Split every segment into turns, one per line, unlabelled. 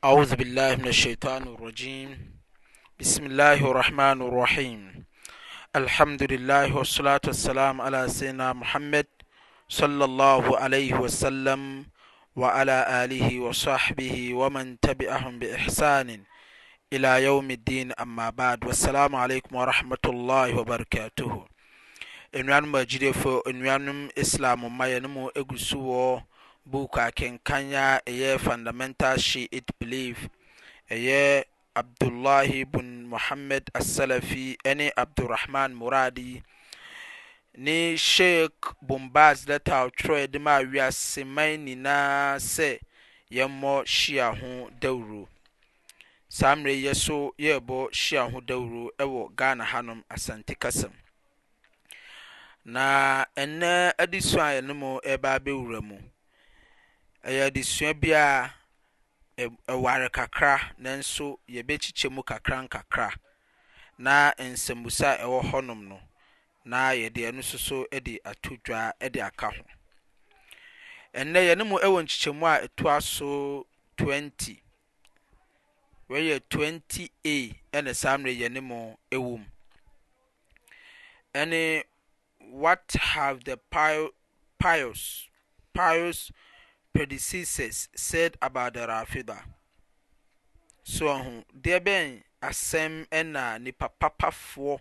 أعوذ بالله من الشيطان الرجيم بسم الله الرحمن الرحيم الحمد لله والصلاة والسلام على سيدنا محمد صلى الله عليه وسلم وعلى آله وصحبه ومن تبعهم بإحسان إلى يوم الدين أما بعد والسلام عليكم ورحمة الله وبركاته nnuanom agyidefoɔ nnuanom إسلام ما ينمو mu book a kenkan a ɛyɛ fundamental it believe ɛyɛ abdullahi bin muhammad asalafi ɛne abdurrahman muradi ne sheik bombaz leta ɔtwerɛ de ma wiaseman nyinaa sɛ yɛmmɔ hyia ho dawuro saa mmerɛ yɛ so yɛrebɔ hyia ho dawuro e ɛwɔ ghana hanom asante kasam na ɛnɛ adi so a yɛne mo ɛreba abɛwura mu ɛyɛ desua biaa ɛware kakra nanso yɛbɛkyekyɛmu kakra nkakra na nsɛmmuso a ɛwɔ hɔnom no na yɛde ɛno soso de ato dwaa de aka ho ɛnnɛ yɛne mu ɛwɔ nkyekyɛmu a ɛtua so 20 weyɛ 20a ne saa mmerɛ yɛne mu wom ɛne what have the pos pios predecessors said about the Rafida. So, deɛ bɛn asɛm ɛna nipa papafoɔ,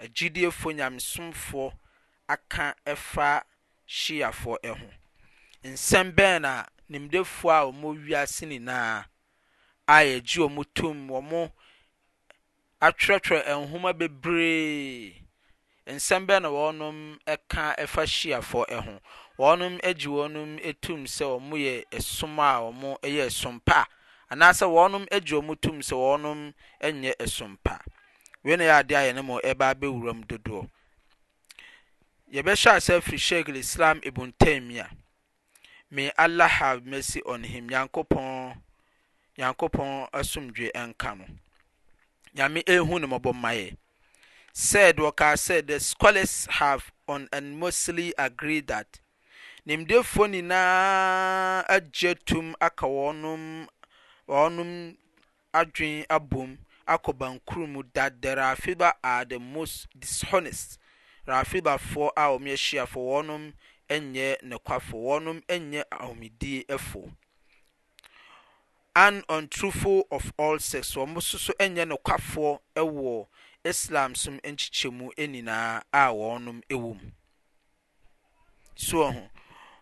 agyidiefoɔ nyamesomfoɔ aka ɛfa shiafoɔ ɛho. Nsɛm bɛn na nimdefoɔ a wɔn wiase nyinaa a yɛgye wɔn tom wɔn atwerɛtwerɛ nhoma bebree. nsɛm bɛ na wɔnom ɛka fa hyiafoɔ ho wɔɔnom agyi wɔ nom tum sɛ ɔmo yɛ som a ɔm yɛ sompa anaasɛ wɔɔnom gyu ɔ m tum sɛ wɔnom yɛ sompa wein yɛde ayɛne mɔ ɛbɛ bɛwur m dodoɔ yɛbɛhyɛa sɛ firi shakelislam ibntamia me alaha mɛsy on him ɔnyankopɔn asomdwe nka mu nyame hu ne mɔbɔ maɛ sid wɔka sɛ the scholars have nanmostly agreed that nimdefo nyinaa agyea tum aka wɔnom adwen abom akɔbankurumu dada rɛafeba ar the most dishonest rɛafibafoɔ a wɔmeahyiafo wɔnom nyɛ nokwafoɔ wɔnom nyɛ ahomedie fo an untruful of all sex wɔmososo nyɛ nokwafoɔ wɔ islam som nkyekyɛmu nyinaa a wɔnom wɔ mu soɔ ho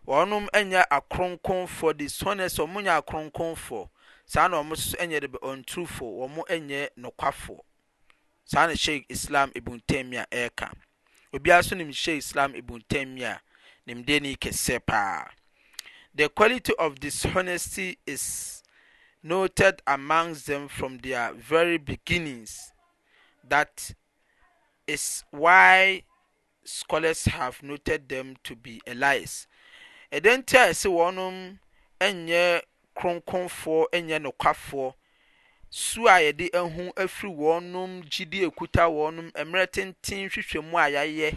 wɔnom nyɛ akronkronfoɔ dishonest wɔn nyɛ akronkronfoɔ saa na wɔn nso nyɛ de ɔntufoɔ wɔn nyɛ nokwafoɔ saa na sheikh islam ibn taymiya ɛreka obiara nso nim sheikh islam ibn taymiya nimdeni kɛseɛ paa the quality of dishonesty is noted amongst them from their very beginnings that is why scholars have noted them to be allies ɛdan ti a ɛsɛ wɔn nyɛ kronkonfoɔ nyɛ nokwafoɔ su a yɛde ho afiri wɔn gyidi ekuta wɔn mmerɛ tenten hwehwɛmu a yɛayɛ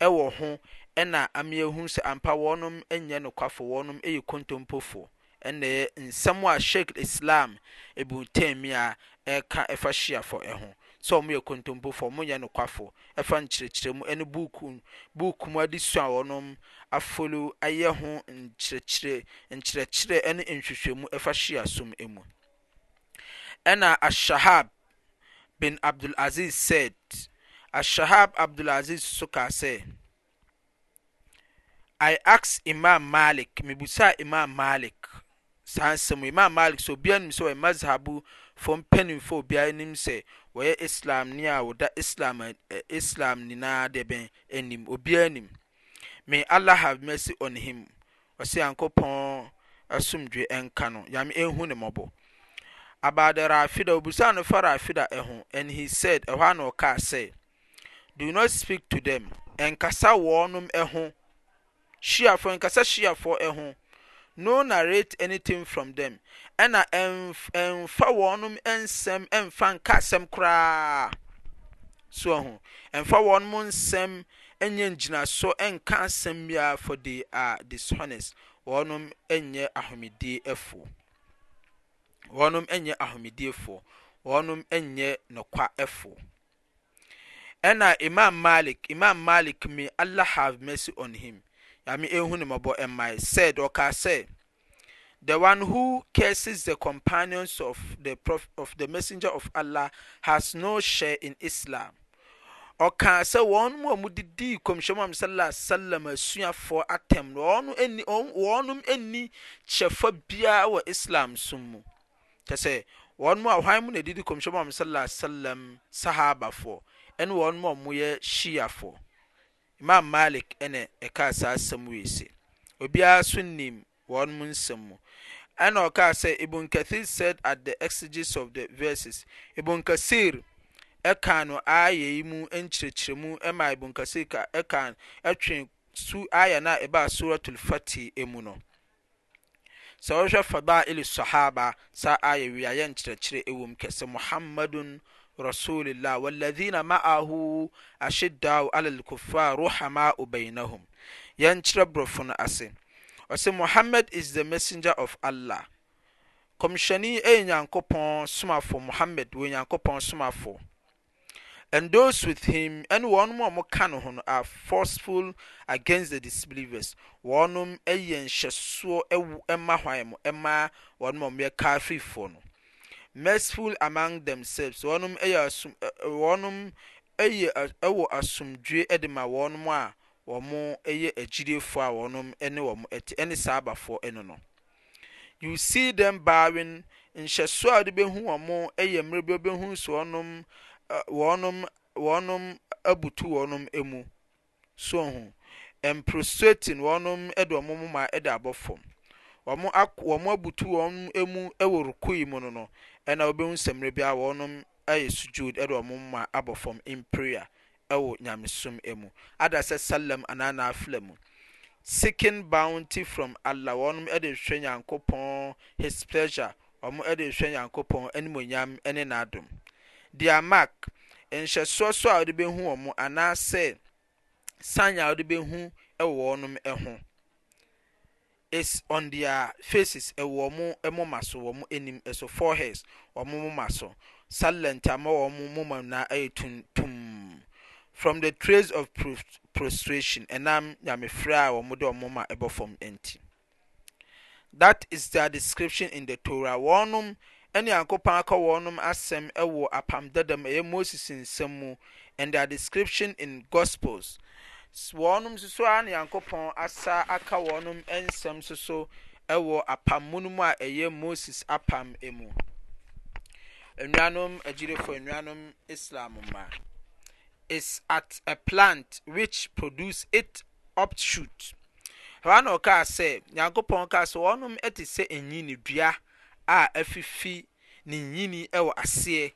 ɛwɔ ho ɛna amea hu sɛ ampa wɔn nyɛ nokwafoɔ wɔn yɛ kontompofoɔ ɛna nsɛm a sheikh islam ebu tɛmia ɛka ɛfa hyiafo ɛho. sɛ omo yɛ kontompo fo moyɛ no kwafo ɛfa nkyerɛkyerɛ mu ɛne bubuukmu ade sua wɔnom afolo ayɛ ho nkyeɛkyeɛ nkyerɛkyerɛ ne nhwehwɛmu ɛfa hyi asom mu ɛna ashahab bin abdul asis seid ashahab abdul asis so ka sɛ i aks imam malik mebusaa imam malik amamalk sɛbianim sɛɔɛmashabf mpɛnifbianim sɛ wɔyɛ islamni aɔd islam nyinaannima alah ha mercy on himɔsɛ nyankpɔsodwekahun abada rafida obisanofa rafida ho sihɔ nɔkasɛ do no speak to temkasaɔɔnmhyaayaf no narrate anything from tem ɛna mfa wɔnom mfa nka sɛm koraa soh ɛmfa wɔnom nsɛm nyɛ ngyinaso nka asɛm bia for e dishonest ɔnom ɛyɛ ahomidie foɔ wɔnom yɛ nkwa fo ɛna ima malik imam malik me alah havmrcy ame hu ne mɔbɔ mma sɛid ɔkaa sɛ the one who carses the companions of the messenger of allah has no share in islam ɔkaa sɛ wɔnom a mudidii kɔmhyɛmu am saaslm asuafoɔ atɛm no wɔɔnom anni kyerɛfa biara wɔ islam som mu ɛ sɛ wɔnom a han mu no didi kɔmhyɛmɔ am ssalm sahabafoɔ ɛne wɔɔnom a moyɛ syiyafoɔ ima malec ɛne ɛkaa saa sɛm wii se obiara so nim wɔno mo nsɛm mu ɛnɛ ɔkar sɛ ibunkathir said at the exages of the verses ibunkasir ɛkaa no aaya yi mu ɛnkyerɛkyirɛmu ma ibunkasir a ɛkaan ɛtwe su aya na a ɛba suratulfati emu no sɛ wohwɛ fa bailesɔhaba sa ayɛ wia yɛnkyerɛkyerɛ ɛwom kɛ sɛ muhamadun rasulillah waladina maaho ashidaao alalkufar rohamau bainahom yɛnkyerɛ borɔfo no ase ɔsɛ muhamad is the messenger of allah komsyɛne ɛ nyankopɔn somafo mohamd wei nyankopɔn somafoɔ those with him ne wɔnom ɔ mo ka ne ho no ar forceful against the disbelievers wɔnom yɛ nhyɛsoɔ ma hw am ma ɔnmmyɛkar fefoɔ no mersiful among themselves nm yɛ wɔ asomdue de ma wɔnom a wɔmo yɛ agyidiefoɔ a wɔnm nene saabafoɔ no no you se them baarin nhyɛsoɔa wode bɛhu w mo yɛ mmerɛbibɛhu s ɔnom ɔn abtu wɔnom mu snhu mprosatin wɔnom deɔmomoma de abɔfɔm m abtuwɔn mu wɔ rukui mu no no ɛna wobihu nsɛmmerɛ bi a wɔnom ayɛ sudtud deɔmomma abɔfɔm mpria wɔ nyamesom mu adasɛ salam anaanafla mu sickin bounty from allah ɔnom dehɛ nyankopɔn his pleasure ɔm dehɛ nyankopɔn nimuonyam ne ndom tdeamac nhyɛ soɔ so a wode bɛhu wɔ mo anaasɛ sane wode bɛhu wɔ wɔnom ho is on thea faces ɛw wɔ mo moma so wɔ mo nim ɛso fr hars wɔ mo moma so satlent ama wɔm moma ninaa ayɛ ttom from the trads of prostration ɛnam nyamefrɛ a wɔmo de ɔmo ma ɛbɔfam nti that is theiir description in the tora ɔnom neyankopɔn aka wɔnom asɛm wɔ apam dadam ɛyɛ moses nsɛm mu an their description in gospelswɔnom ssoar ne nyankopɔn asa aka wɔnom nsɛm soso wɔ apam mu no mu a ɛyɛ moses apam munislam is at a plant which produce it optshoot nka sɛ nyankopɔnas nomt sɛ ɛyina a afifi ne nyini wɔ aseɛ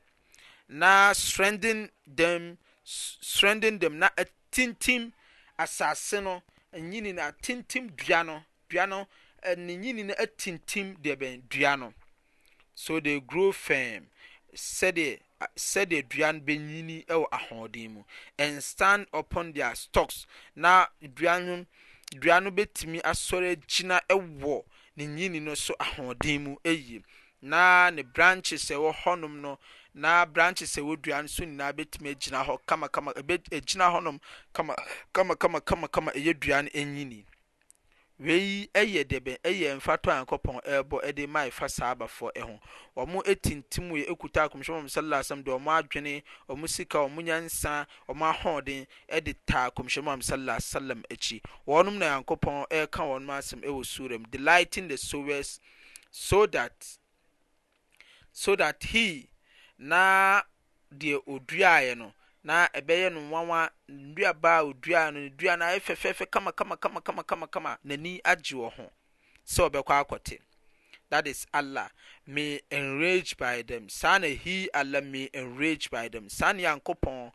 na strengthen them strengthen them na atintim asase no nyini na atintim dua no dua no eh, ne nyini na atintim deɛ bɛn dua no so they grow firm sɛdeɛ sɛdeɛ dua no bɛnyini wɔ ahoɔden mu and stand upon their stocks na dua no dua no bɛtumi asɔre agyina wɔ ne nyini no so ahoɔden mu na ne branches ɛwɔ hɔnom no na branches ɛwɔ dua no so nyinaa bɛtumi agyina kamakama ɛbɛ wei ɛyɛ deɛ bɛn ɛyɛ mfatɔ anyankɔpɔn ɛrbɔ ɛde maɛ fa saabafoɔ ɛho ɔ mo tintimmu i ɛkutaa komhyɛmɔ a m salalah is salm deɛ ɔmo adwene ɔ mo sika ɔmonyansa ɔmo ahɔden ɛde taa kɔmhyɛmu a m salla ssalam akyi wɔnom na anyankopɔn ɛrɛka wɔnom asɛm ɛwɔ sura mu delightin the soves stso that hi na deɛ oduaaɛ no na ɛbɛyɛ no nwanwa nnuaba a odua no dua no ayɛ fɛfɛɛfɛ kama kama kama kama kama kama n'ani agye wɔ ho sɛ ɔbɛkɔ akɔte that is allah me enrage by them saa na he allah me enrage by them saa na yankopɔn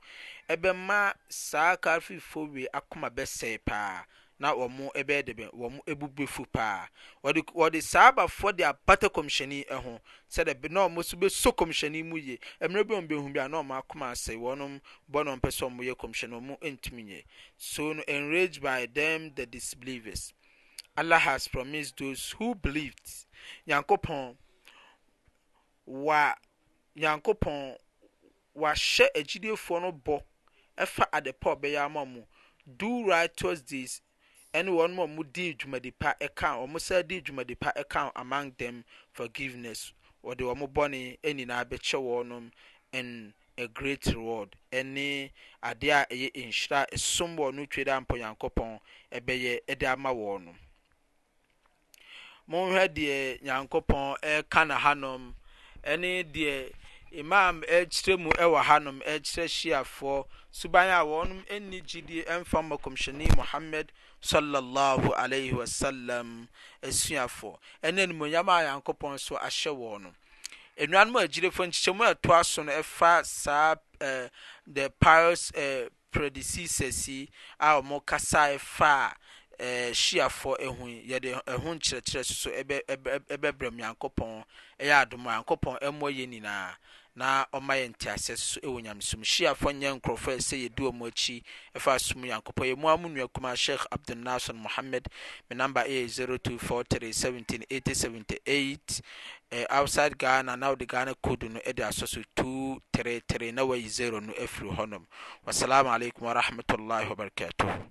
ɛbɛma saa kafirfoɔ wie akoma bɛsɛe paa na wɔn bɛyɛ dɛbɛn wɔn bube fu paa wɔde wɔde saa abafoɔ de abata kɔmhyɛni ho sɛdeɛ na wɔn nso bɛso kɔmhyɛni mu yie mmerɛ bi wɔn bɛhu bi a na wɔn akoma asɛ wɔn bɔ na wɔn pɛ sɛ wɔn yɛ kɔmhyɛni wɔn ntumi yɛ so no enraged by them the disbelievers allah has promised those who believed nyankopɔn wa nyankopɔn wahyɛ agyidefoɔ no bɔ ɛfa ade pa ɔbɛyɛ ama mu do right towards this ɛne wɔn a wɔdi dwumadi pa ɛka wɔn sɛ di dwumadi pa ɛka among them forgiveness wɔde wɔn bɔne nyinaa bɛkyɛ wɔn and a great reward ɛne adeɛ a ɛyɛ nhyira ɛsom wɔn no twɛ dɛ mpɔnyankopɔn ɛbɛyɛ ɛde ama wɔn monhwɛ deɛ nyankopɔn ɛka na hanom ɛne deɛ imam ɛkyirɛ eh, mu ɛwɔ eh, hanom ɛkyirɛ eh, hyiafoɔ suban a wɔnom nni gyidi mfama comhyɛnii mohammed slllh wasalam asuafoɔ ɛnɛ animuonyama a nyankopɔn so ahyɛ wɔ no nnuanom a agyirefo nkyikyɛ mu ɛto a so no ɛfa saa the pious predecesos a mo kasa ɛfaa ɛɛ eh, shiafo ehu yɛde ɛho nkyerɛkyerɛ soso ɛbɛ ɛbɛ ɛbɛbrɛ mu yankopɔn ɛyɛ adomu yankopɔn ɛmo yɛ nyinaa na ɔma yɛ nteaseɛ soso ɛwɔ nyamesom shiafo nyɛ nkorɔfo ɛsɛ yɛdi wɔn akyi ɛfa som yankopɔn yɛ mu amu nua kuma sheikh abdul mohammed me namba ɛyɛ e zero two four three seventeen eighty seventy eight eh, outside ghana na wɔde ghana code no ɛde asɔ so two three three na wayi zero no afiri hɔnom wasalamu alaikum wa rahmatulahi wa